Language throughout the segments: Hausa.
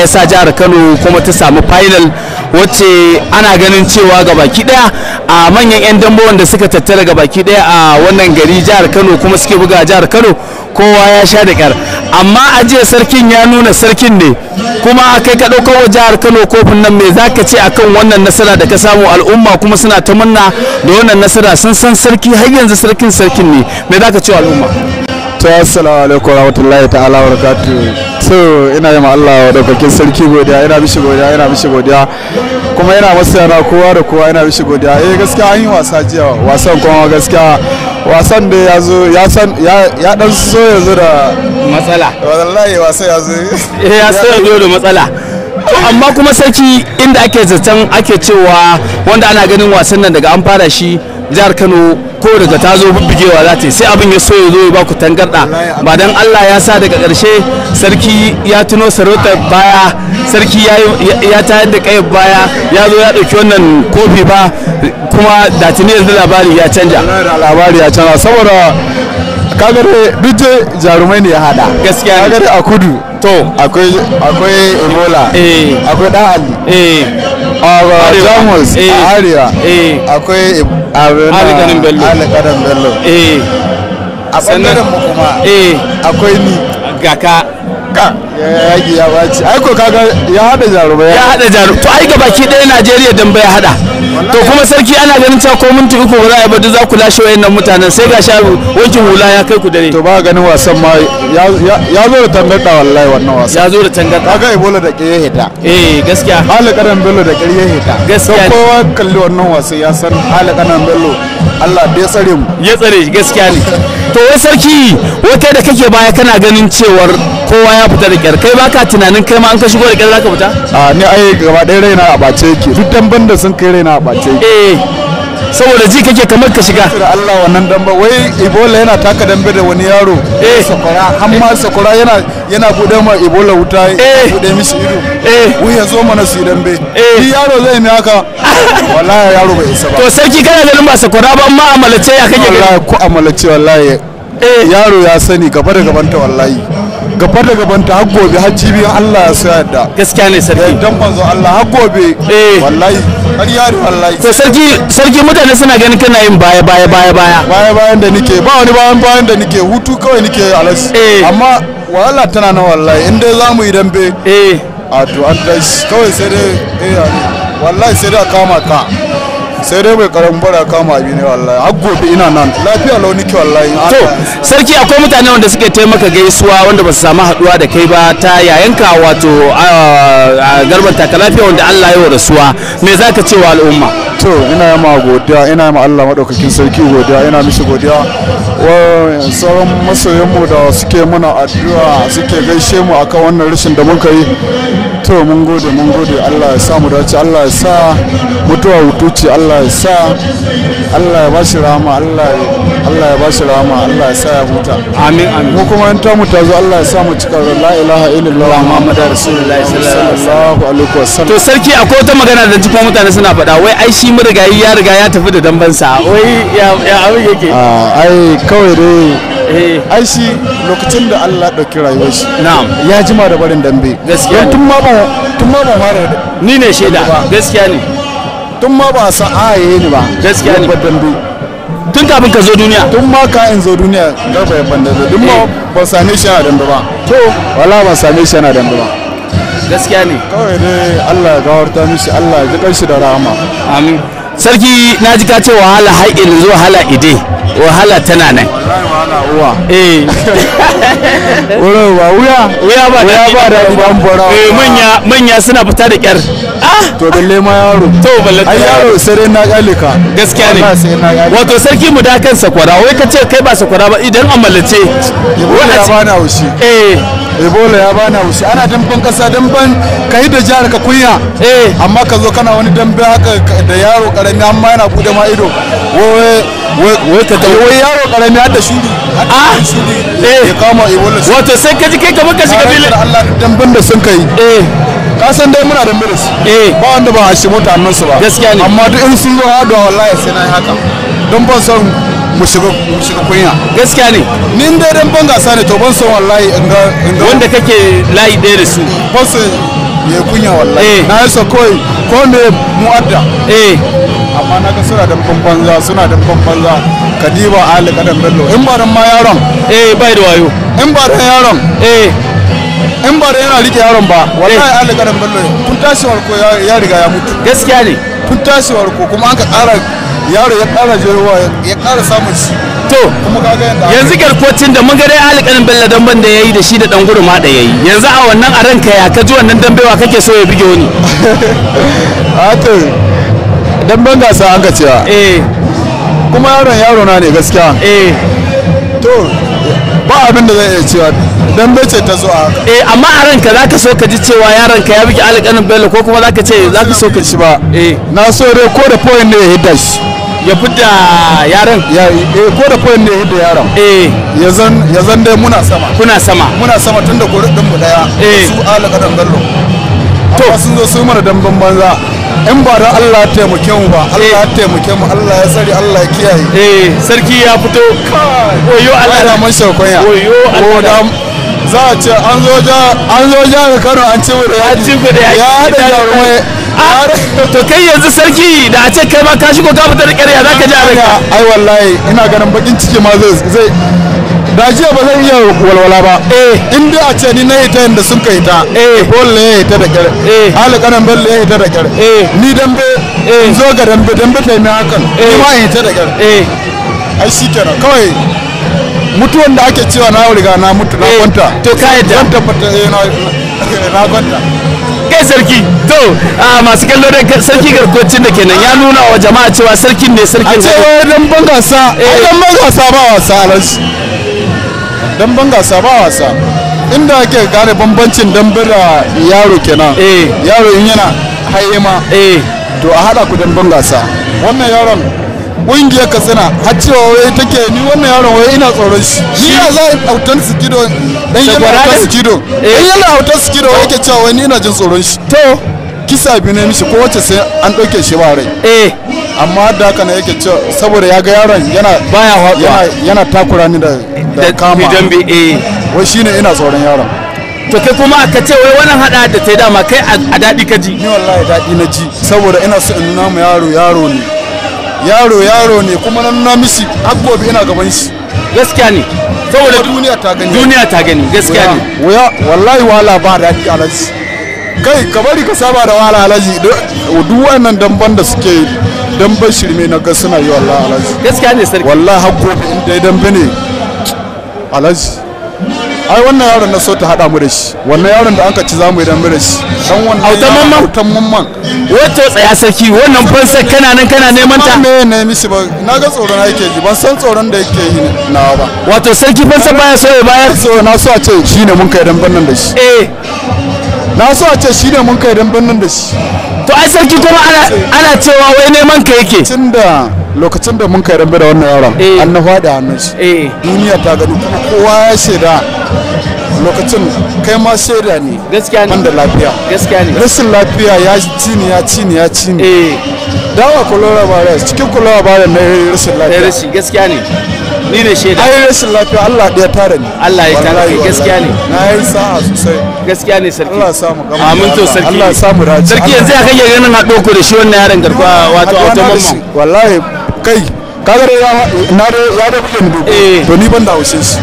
ya sa jihar kano kuma ta samu final wacce ana ganin cewa gabaki daya a manyan 'yan dambo wanda suka tattara ga baki daya a wannan gari jihar kano kuma suke buga jihar kano kowa ya sha da kyar amma ajiye sarkin ya nuna sarkin ne kuma kai ka ɗauka wa jihar kano kofin nan me za ka ce akan wannan nasara da ka samu al'umma kuma suna ta murna da wannan nasara sun san sarki har yanzu sarkin sarkin ne me za ka ce al'umma to assalamu alaikum rahmatullahi ta'ala wa barakatu so ina yi Allah daukakin sarki godiya ina mishi godiya ina mishi godiya kuma ina masu yana kowa da kowa ina mishi godiya eh gaskiya an yi wasa jiya wasan kuma gaskiya wasan da ya zo ya san ya dan so ya zo da matsala wallahi wasa ya zo eh ya so ya zo da matsala amma kuma sarki inda ake zaton ake cewa wanda ana ganin wasan nan daga an fara shi jihar Kano ko daga ta zo bubbugewa za ta yi sai abin ya so ya zo ya ba ku tangarda ba dan Allah ya sa daga ƙarshe sarki ya tuno sarautar baya sarki ya tayar da kayan baya ya zo ya ɗauki wannan kofi ba kuma da tuni yanzu labari ya canja labari ya canja saboda kagare duk jarumai ne ya hada gaskiya kagare a kudu to akwai akwai ebola eh. akwai dan ali eh. Eh. Eh. Eh. a jamus a arewa akwai alikanin bello alikanin bello a ɓangaren mu kuma akwai ni gaka ka yaki ya baci ai ko kaga ya hada jarumai ya hada jarumai to ai ga baki ɗaya Najeriya dan bai hada to kuma sarki ana ganin cewa ko minti uku ba za a ba duk za ku lashe wayannan mutanen sai ga sha wankin hula ya kai ku dare to ba ganin wasan ma ya zo da tangarda wallahi wannan wasan ya zo da tangarda kaga Ebola da kiyaye hita eh gaskiya halakaran Bello da kiyaye hita gaskiya kowa kalli wannan wasan ya san halakaran Bello Allah bai tsare mu ya tsare gaskiya ne to wai sarki wata da kake baya kana ganin cewar kowa ya fita da kyar kai baka tunanin kai ma an ka shigo da kyar zaka fita a ni ai gaba ɗaya raina a bace yake duk damban da sun kai raina a bace yake eh, saboda ji kake kamar ka shiga da Allah wannan damba wai Ebola yana taka dambe da wani yaro eh sakura har ma sakwara yana yana bude ma Ebola wuta ya eh. bude mishi ido eh wai ya zo mana su dambe eh yaro zai mi haka wallahi yaro bai isa ba to sai ki kana ganin ba sakura ba amma amalace ya kake wallahi ko amalace wallahi eh yaro ya sani gaba da gaban ta wallahi gaba da gabanta har gobe har cibiyan Allah ya sa yadda gaskiya ne sarki dan manzo Allah har gobe eh. wallahi har yari wallahi to sarki sarki mutane suna ganin kana yin baya baya baya baya baya bayan da nike ba wani bayan bayan da nike hutu kawai nike alas eh. amma wahala tana na wallahi inda za mu yi be eh a to an kawai sai dai eh wallahi sai da a kama ka sai dai bai karan bara kama abi ne wallahi har gobe ina nan lafiya launiki wallahi to sarki akwai mutane wanda suke taimaka gaisuwa wanda ba su samu haduwa da kai ba ta yayanka wato garban taka lafiya wanda Allah ya rasuwa me zaka ce wa al'umma to ina yi ma godiya ina yi ma Allah madaukakin sarki godiya ina mishi godiya wa sauran masoyanmu da suke mana addu'a suke gaishe mu akan wannan rashin da muka yi to mun gode mun gode Allah ya sa mu dace Allah ya sa mutuwa hutuci Allah ya sa Allah ya ba shi rahama Allah ya Allah ya ba shi rahama Allah ya sa ya huta amin amin mu kuma ta mu tazo Allah ya sa mu cika la ilaha illallah muhammadar rasulullahi sallallahu alaihi wasallam to sarki akwai wata magana da jikon mutane suna faɗa wai ai shi mu riga ya riga ya tafi da dambansa wai ya abin yake ah, ai kawai dai Eh. ai shi lokacin da Allah ɗauki rayuwar shi ya jima da barin dambe gaskiya tun ma ba tun ma ba fara ni ne shaida gaskiya ne tun ma ba sa aye ni ba gaskiya ne dambe tun kafin ka zo duniya tun ma ka in zo duniya garba ya banda da duk ma eh. ba same shi yana dambe ba to wala ba same shi yana dambe ba gaskiya ne kawai dai Allah ya gawarta mishi Allah ya ji shi da rahama amin sarki na ji ka ce wahala har zuwa hala ide wahala tana nan eh. wuya wuya ba da ba da bambara eh manya manya suna fita da kyar ah to balle ma yaro to balle ai yaro sai na galika gaskiya ne wato sarki mu da kansa sakwara wai ka ce kai ba sakwara ba idan amalace wani ya bana haushi eh ebola ya bana wuce ana damban kasa damban ka yi da jihar ka kunya eh. amma ka zo kana wani dambe haka da yaro karami amma yana bude ma ido wai ka kai wai yaro karami har da shuri ah eh kama wato sai kaji kai kamar ka shiga filin Allah dan banda sun kai eh ka san dai muna da miris eh ba wanda ba a shi mota annan su ba gaskiya ne amma duk in sun zo hadu wallahi sai na haka don ban son mu shiga mu shiga kunya gaskiya ne ni dai dan ban gasa ne to ban son wallahi in ga wanda kake layi ɗaya da su ban son ya kunya wallahi eh. na yi sa kawai ko me mu'adda eh amma na ga suna damkon banza suna damkon banza kadiba ali kadan bello in ba dan ma yaron eh bai da wayo in ba dan yaron eh in ba dan yana rike yaron ba wallahi eh. ali kadan bello kun tashi warko ya riga ya mutu gaskiya ne kun tashi warko kuma an ka ƙara yaro ya ƙara jirwa ya ƙara samun shi to yanzu garkocin da mun ga dai kadan bello ban da yayi da shi da dan guruma da yayi yanzu a wannan a ranka ya ka ji wannan dambewa kake so ya bige wani dan ban gasa an ka cewa eh kuma yaron yaro na ne gaskiya eh to ba abin da zan iya cewa dan bace ta zo a haka eh amma a ranka zaka so ka ji cewa yaron ka ya biki alƙanin bello ko kuma zaka ce zaka so ka ji ba eh na so dai ko da point ne ya hidda shi ya fita yaron ya eh ko da point ne ya hidda yaron eh ya zan ya zan dai muna sama kuna sama muna sama tunda gurin mu daya eh. su alƙanin bello to sun zo su mara dan banza in ba da Allah taimake mu ba Allah taimake mu Allah ya tsari Allah ya kiyaye eh sarki ya fito oyo Allah da shaukon ya oyo Allah da za a ce an zo ja an zo ja ga Kano an ci gudu ya ci gudu ya hada jarumai ah, to kai yanzu sarki da a ce kai ma ka shigo ka fita da ƙarya za ka ji a ai wallahi ina ganin bakin ciki ma zai da jiya ba zan iya walwala ba eh in dai a ce ni na ita yadda sun kai ta eh bolle ya ita da kyar eh hali kanan bolle ya ita da kyar eh ni dambe eh zo ga dambe dambe ta yi hakan eh ma ya ita da kyar eh ai shi kenan kawai mutuwan da ake cewa na riga na mutu na eh. kwanta to ka yadda da fata eh, na kwanta kai sarki to masu kallo da sarki garkocin da kenan ya nuna wa jama'a cewa sarkin ne sarkin a cewa dan bangasa eh. dan bangasa ba wasa alashi damben gasa ba wasa inda ake gane bambancin dambe da yaro kenan eh. yaro in yana haima. eh to a hada ku damben gasa wannan yaron ƙungiyar katsina har cewa wai take ni wannan yaron wai ina tsoron shi ni ya za a autan su kido dan yana autan su kido dan yana autan su kido yake cewa wai ni ina jin tsoron shi to kisa bi ne mishi ko wacce sai an ɗauke shi ba rai eh amma da haka ne yake cewa saboda ya ga yaron yana baya yana, yana takura ni da da kama dambe eh wai shine ina tsoron yaron to kai kuma aka ce wai wannan hada da ta dama kai a daɗi ka ji ni wallahi daɗi na ji saboda ina so in nuna mu yaro yaro ne yaro yaro ne kuma na nuna mishi abubuwa ina gaban shi gaskiya ne saboda duniya ta gani duniya ta gani gaskiya ne waya wallahi wala ba daɗi alaji kai ka bari ka saba da wala alaji duk wannan damban da suke dan ba shirme na ga suna yi wallahi alhaji gaskiya ne sarki wallahi hakko da in dai bane alhaji ai wannan yaron na so ta hada mu da shi wannan yaron da anka ci za mu yi dan da shi dan wannan autan mamman autan mamman wato tsaya sarki wannan fansa kana nan kana neman ta me ne mishi ba na ga tsoron yake ji ban san tsoron da yake yi na ba wato sarki fansa baya so ya bayar so na so a ce shine mun kai dan bannan da shi eh na so a ce shine mun kai dan nan da shi to ai sarki kuma ana cewa wai neman ka yake tunda lokacin da mun kai rambe da wannan yaron eh. an na faɗi hannun shi eh. duniya ta gani kuma kowa ya shaida lokacin kai ma shaida ne gaskiya ne da lafiya gaskiya ne rashin lafiya ya ci ne ya ci ne ya ci ne dawa kulora virus cikin kulora virus na rashin lafiya eh, rashin gaskiya ne ni ne shaida ai rashin lafiya Allah ya tare ni Allah ya tare ni gaskiya ne na yi sa'a sosai gaskiya ne sarki Allah ya samu gama amin to sarki Allah ya samu raji sarki yanzu ya kake ganin haɗo ku da shi wannan yaron garkuwa wato automamman wallahi kai kaga dai na da ya da kuke ni eh. to ni ban da haushin shi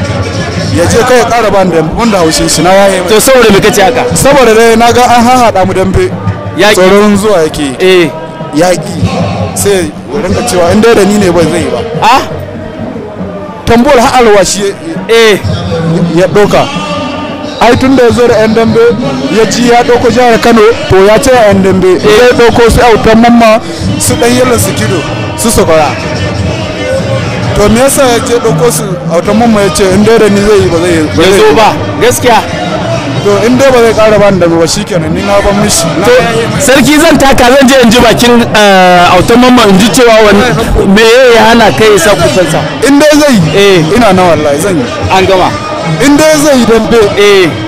ya ce kai ƙara ban da ban da haushin shi na waye to saboda me kace haka saboda dai naga an hahaɗa mu dambe tsoron zuwa yake eh yaƙi sai rinka cewa in dai da ni ne ba zai yi ba a tambuwar alwashi. shi eh. ya ɗauka ai tun da ya zo da yan dambe ya ci ya ɗauko jihar kano to ya ce yan dambe ya eh. ɗauko su autan mamma su ɗan yalin su kido su sokora to me yasa ya ce ɗauko su autan mamma ya ce in dai da ni zai yi ba zai yi ba gaskiya to in dai ba zai kara bani da ba shikenan ni na ban mishi to sarki zan taka zan je in ji bakin eh, automan ma in ji cewa wani me ya hana kai sa kusan sa in dai zai eh ina na wallahi zan yi an gama in dai zai dan eh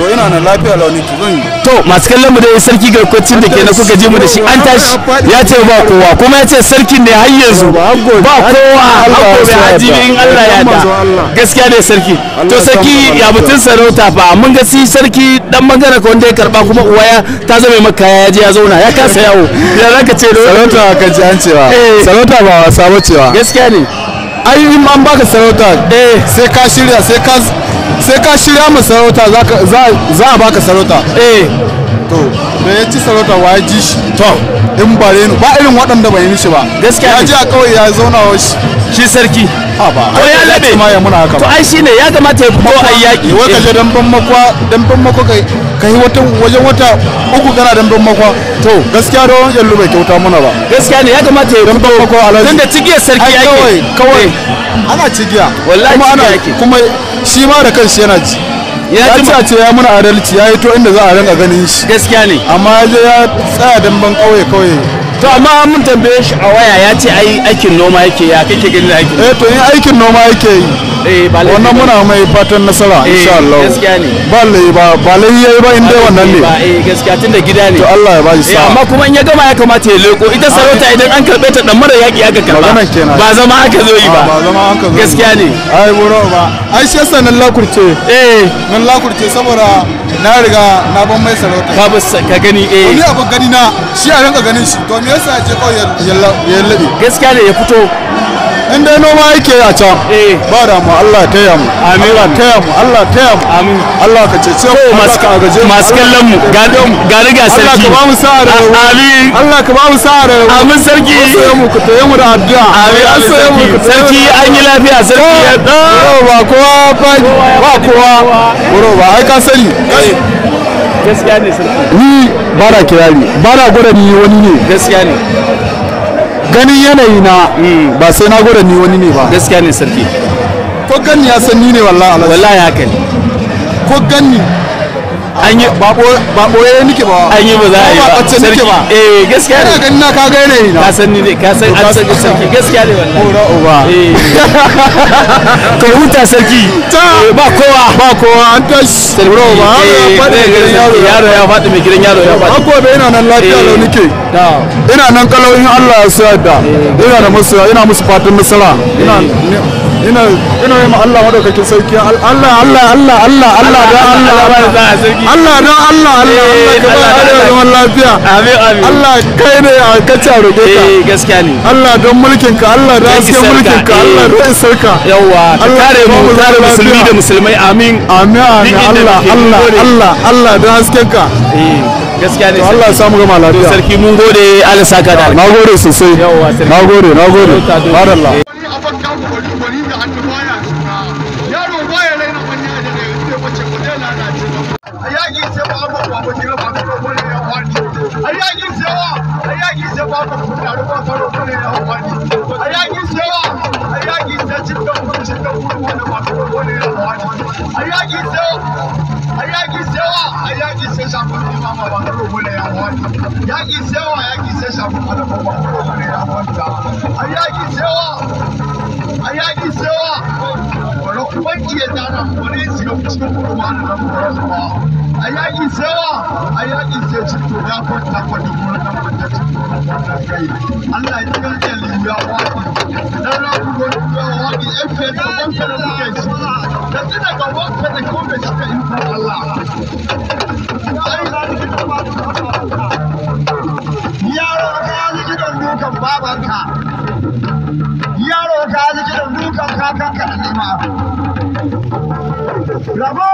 to yana nan lafiya launin ki zan to masu kallon mu dai sarki garkwacin da ke na kuka ji mu da shi an tashi ya ce ba kowa kuma ya ce sarkin ne har yanzu ba kowa har haji ne in Allah ya da gaskiya ne sarki to sarki ya mutun sarauta fa mun ga si sarki dan magana ko wanda ya karba kuma ya ta zame maka ya je ya zauna ya kasa yawo ya zaka ce sarauta kan ji an cewa eh. sarauta ba wasa ba cewa gaskiya ne ai in an baka sarauta eh sai ka shirya sai ka sai ka shirya mu sarauta za a baka sarauta eh to da ya ci sarauta wa ya ji shi to in ba renu ba irin waɗanda bai shi ba gaskiya ya ji a kawai ya zauna wa shi sarki ha ba to ya labe to ai shine ya gama ta fito ai yaki wai kaje eh. dan ban makwa dan ban makwa kai kai wata wajen wata uku kana don makwa to gaskiya da wajen jallu kyauta mana ba gaskiya ne ya kamata ya don makwa alhaji tunda cigiya sarki yake kawai kawai eh. ana cigiya wallahi kuma ana kuma shi ma da kanshi yana ji ya ci a ce ya muna adalci ya yi to inda za a rinka ganin shi gaskiya ne amma ya je ya tsaya dambin kauye kauye to amma mun tambaye shi a waya ya ce ai aikin noma yake ya kake ganin aikin eh to in eh, aikin noma yake yi eh, wannan muna mai fatan nasara eh, insha Allah gaskiya ne ba lai ba ba lai yayi ba inda wannan ne ba eh gaskiya tunda gida ne to Allah ya bashi sa'a amma kuma in ya gama ya kamata ya leko ita sarauta idan an karbe ta dan mara yaki aka karba ah, ba zama aka zo yi ba ba zama aka zo gaskiya ne ai buro ba ai shi sanan lakurce eh nan lakurce saboda na riga na ban mai sarauta ka bisa ka gani eh ni abu gani na shi a ranka ganin shi to me yasa ya ce kawai ya gaskiya ne ya fito in dai noma yake a can eh. ba da mu Allah taya mu Allah taya mu Allah taya mu amin Allah ka cece mu Allah ka agaje mu masu kallon mu ga ga riga sarki Allah ka ba mu sa'a da amin Allah ka ba mu sa'a da amin sarki sai mu ku taya mu da addu'a amin sai mu ku sarki an yi lafiya sarki ya da ba kowa ba ba kowa bro ba ai ka sani gaskiya ne sarki ni ba na kirari ba na gwada ni wani ne gaskiya ne ganin yanayi na hmm. ba sai na gwada ni wani ne ba gaskiya ne sarki ko gani ya san ni ne wallahi wallahi haka ne ko gani an yi ba boye nike ba an yi ba za a yi ba sarki ba eh gaskiya ne ganin na ka ga yanayi na ka san ni ne ka san an san sarki gaskiya ne wallahi ora uba ka eh. huta sarki eh, ba kowa ba kowa an tashi salbro ba eh, yaro ya faɗi mai gidan yaro ya faɗi ko bai ina nan lafiya lau nike ina nan kalau in Allah ya sa da ina da musu ina musu fatan nasara ina ina ina yi Allah madaukakin sarki Allah Allah Allah Allah Allah Allah da Allah Allah da Allah Allah Allah Allah Allah lafiya amin amin Allah kai ne a kace roƙe ka eh gaskiya ne Allah don mulkin ka Allah da hasken mulkin ka Allah da isarka yawa ka kare mu kare musulmi da musulmai amin amin amin Allah Allah Allah Allah da hasken ka gaskiya ne Allah ya samu gama lafiya sarki mun gode Allah saka da na gode sosai na gode na gode madalla yaƙi sewa yaƙi sai shafi kuma ya kwanta a yaƙi sewa a sewa wani kuma kiye tana wani isi da kusa kuma wani na kuma zuwa a yaƙi sewa a yaƙi sai cito ya kwanta kuma na kwanta cito na kwanta kai Allah ya tigar da liya wafi na rabu wani kuma wafi ɗan fiye da wanka da muke kuma da kuma ga kuma da kome suka yi kuma Allah Bravo!